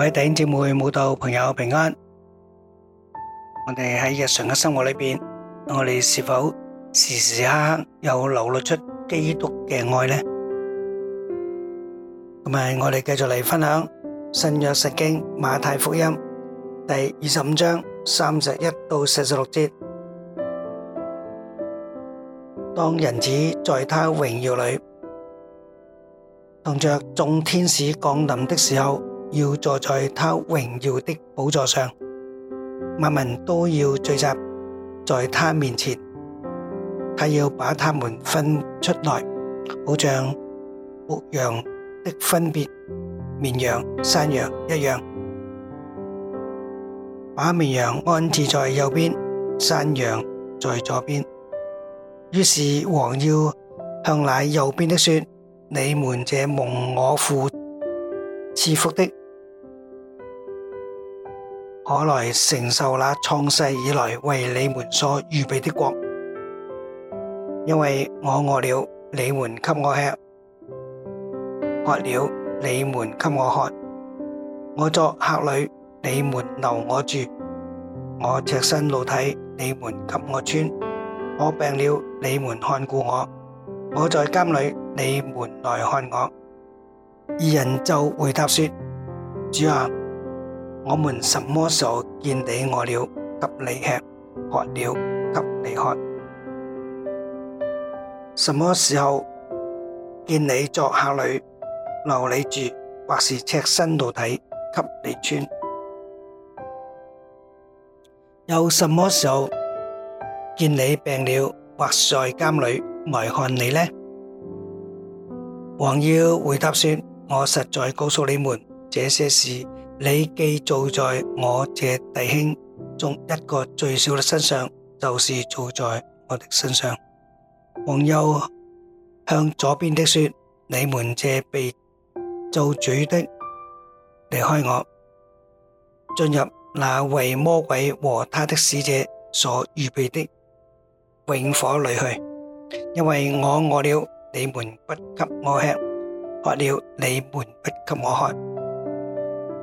各位弟兄姐妹、慕道朋友平安。我哋喺日常嘅生活裏面，我哋是否時時刻刻有流露出基督嘅愛呢？今天我哋繼續嚟分享新約聖經馬太福音第二十五章三十一到四十六節。當人子在他榮耀裏同着眾天使降臨的時候。要坐在他榮耀的寶座上，萬民都要聚集在他面前。他要把他們分出來，好像牧羊的分別綿羊、山羊一樣，把綿羊安置在右邊，山羊在左邊。於是王要向那右邊的說：你們這蒙我父賜福的。我來承受那創世以來為你們所預備的國，因為我餓了，你們給我吃；渴了，你們給我喝；我作客旅，你們留我住；我赤身露體，你們給我穿；我病了，你們看顧我，我；我在監裏，你們來看我。二人就回答說：主啊！我們什麼時候見你餓了，給你吃；渴了，給你喝？什麼時候見你作客旅，留你住，或是赤身露體，給你穿？又什麼時候見你病了，或在監裏埋看你呢？王要回答說：我實在告訴你們這些事。你既做在我這弟兄中一個最小的身上，就是做在我的身上。王又向左邊的說：你們這被做主的，離開我，進入那為魔鬼和他的使者所預備的永火裏去，因為我餓了，你們不給我吃；渴了，你們不給我喝。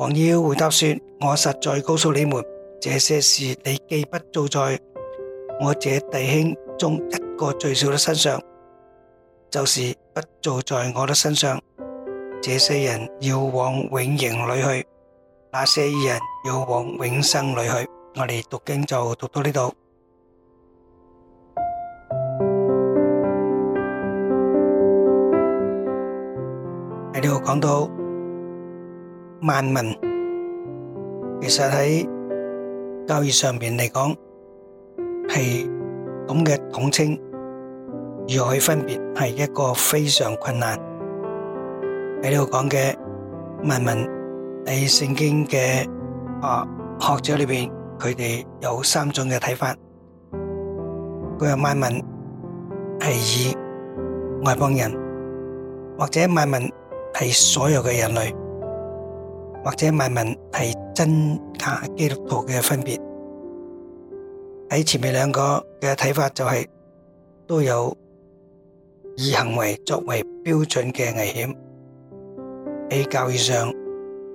王要回答說：我實在告訴你們，這些事你既不做在我這弟兄中一個最小的身上，就是不做在我的身上。這些人要往永刑裏去，那些人要往永生裏去。我哋讀經就讀到呢度，第六講到。萬民其實喺教義上邊嚟講係咁嘅統稱，而佢分別係一個非常困難。喺呢度講嘅萬民喺聖經嘅啊學者裏邊，佢哋有三種嘅睇法。佢話萬民係以外邦人，或者萬民係所有嘅人類。或者問問係真假基督徒嘅分別。喺前面兩個嘅睇法就係都有以行為作為標準嘅危險，喺教義上。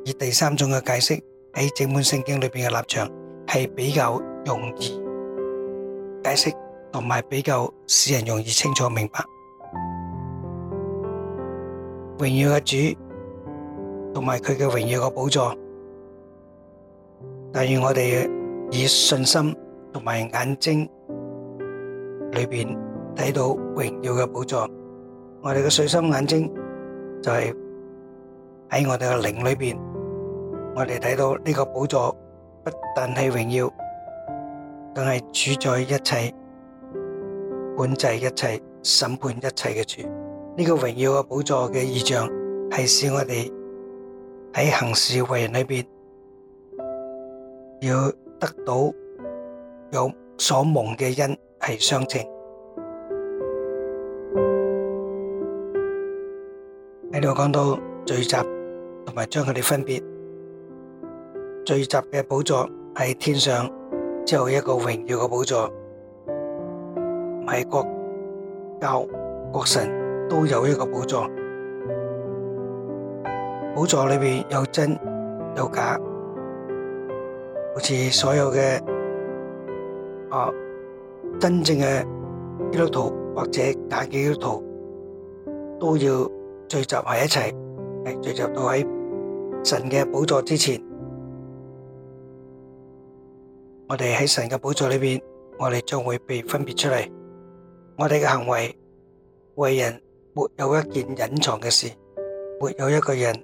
以第三種嘅解釋喺整本聖經裏邊嘅立場係比較容易解釋，同埋比較使人容易清楚明白。榮耀嘅主，同埋佢嘅榮耀嘅寶座，但願我哋以信心同埋眼睛裏邊睇到榮耀嘅寶座。我哋嘅信心眼睛就係喺我哋嘅靈裏邊，我哋睇到呢個寶座不但係榮耀，更係主宰一切、管制一切、審判一切嘅主。呢個榮耀嘅寶座嘅意象係使我哋。喺行事為人裏面，要得到有所蒙嘅恩係相稱。喺度講到聚集同埋將佢哋分別，聚集嘅寶座係天上，只有一個榮耀嘅寶座，唔係各教各神都有一個寶座。寶座裏邊有真有假，好似所有嘅，啊，真正嘅基督徒或者假基督徒都要聚集喺一齊，嚟，聚集到喺神嘅寶座之前。我哋喺神嘅寶座裏邊，我哋將會被分別出嚟。我哋嘅行為為人沒有一件隱藏嘅事，沒有一個人。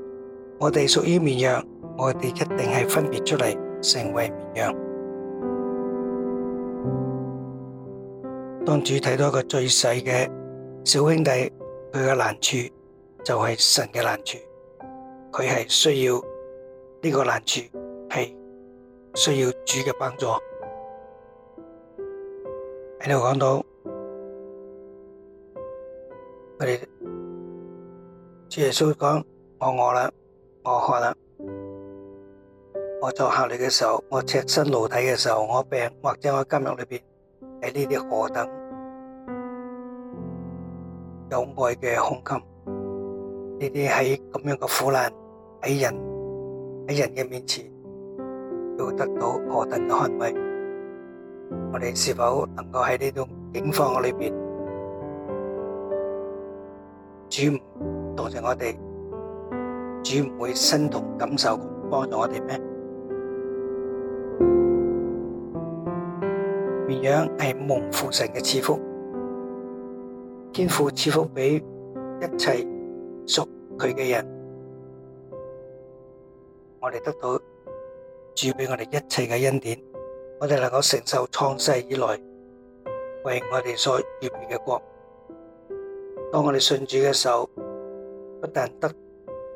我哋屬於綿羊，我哋一定係分別出嚟，成為綿羊。當主睇到一個最細嘅小兄弟，佢嘅難處就係神嘅難處，佢係需要呢個難處係需要主嘅幫助。喺度講到佢哋，主耶穌講我餓啦。我渴啦！我作客嚟嘅時候，我赤身露體嘅時候，我病，或者我監獄裏邊喺呢啲何等有愛嘅胸襟？呢啲喺咁樣嘅苦難喺人喺人嘅面前，要得到何等嘅安慰？我哋是否能夠喺呢種境況裏邊，主同住我哋？主唔會身同感受咁幫助我哋咩？綿羊係蒙父神嘅賜福，天父賜福俾一切屬佢嘅人，我哋得到主俾我哋一切嘅恩典，我哋能夠承受創世以來為我哋所預備嘅國。當我哋信主嘅時候，不但得。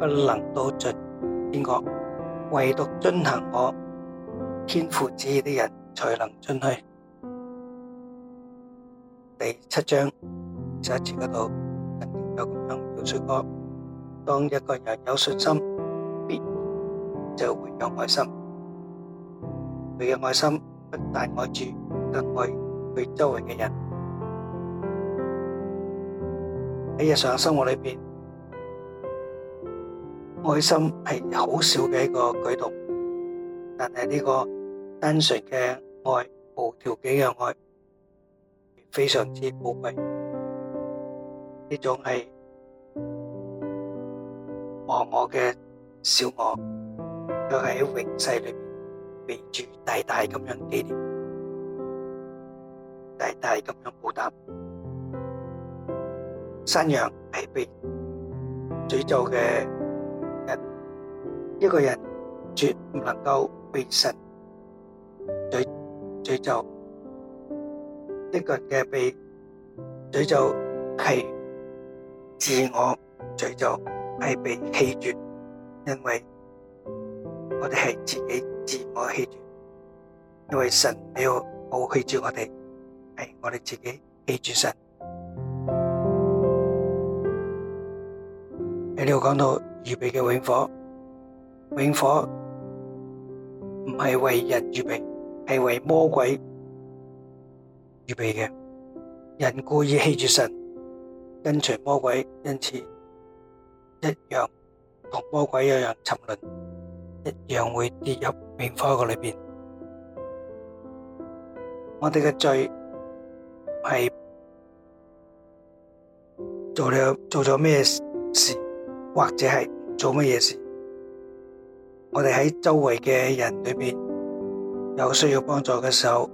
不能都進天國，唯獨遵行我天父旨意的人才能進去。第七章二十一節嗰度有咁樣描述過：當一個人有信心，必然就會有愛心；佢嘅愛心不但愛主，更愛佢周圍嘅人。喺日常生活裏邊。愛心係好少嘅一個舉動，但係呢個單純嘅愛、無條件嘅愛，非常之寶貴。呢種係忘我嘅小我，卻喺永世裏面被住大大咁樣紀念，大大咁樣負擔。山羊係被詛咒嘅。一個人絕唔能夠被神詛詛咒。一個人嘅被詛咒係自我詛咒，係被棄絕。因為我哋係自己自我棄絕，因為神沒有冇棄絕我哋，係我哋自己棄絕神。喺呢度講到預備嘅永火。冥火唔係為人預備，係為魔鬼預備嘅。人故意棄住神，跟隨魔鬼，因此一樣同魔鬼一樣沉淪，一樣會跌入冥火個裏邊。我哋嘅罪係做了做咗咩事，或者係做乜嘢事？我哋喺周圍嘅人裏面有需要幫助嘅時候，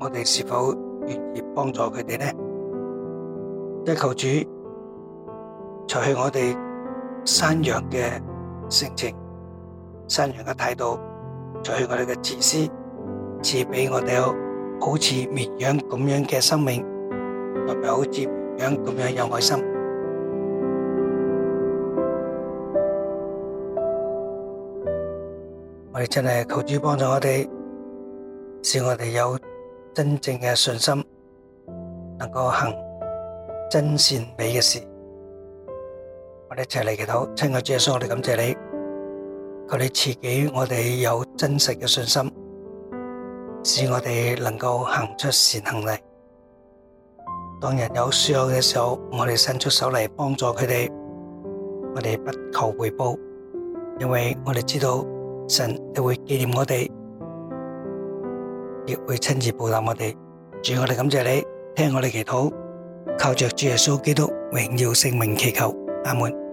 我哋是否願意幫助佢哋呢？求主除去我哋山羊嘅性情，山羊嘅態度，除去我哋嘅自私，賜俾我哋好似綿羊咁樣嘅生命，特別好似綿羊咁樣有愛心。我哋真係求主幫助我哋，使我哋有真正嘅信心，能夠行真善美嘅事。我哋一齊嚟祈禱，親愛的主耶穌，我哋感謝你，求你賜給我哋有真實嘅信心，使我哋能夠行出善行嚟。當人有需要嘅時候，我哋伸出手嚟幫助佢哋，我哋不求回報，因為我哋知道。神就會紀念我哋，亦會親自報答我哋。主，我哋感謝你，聽我哋祈禱，靠着主耶穌基督榮耀聖名祈求，阿門。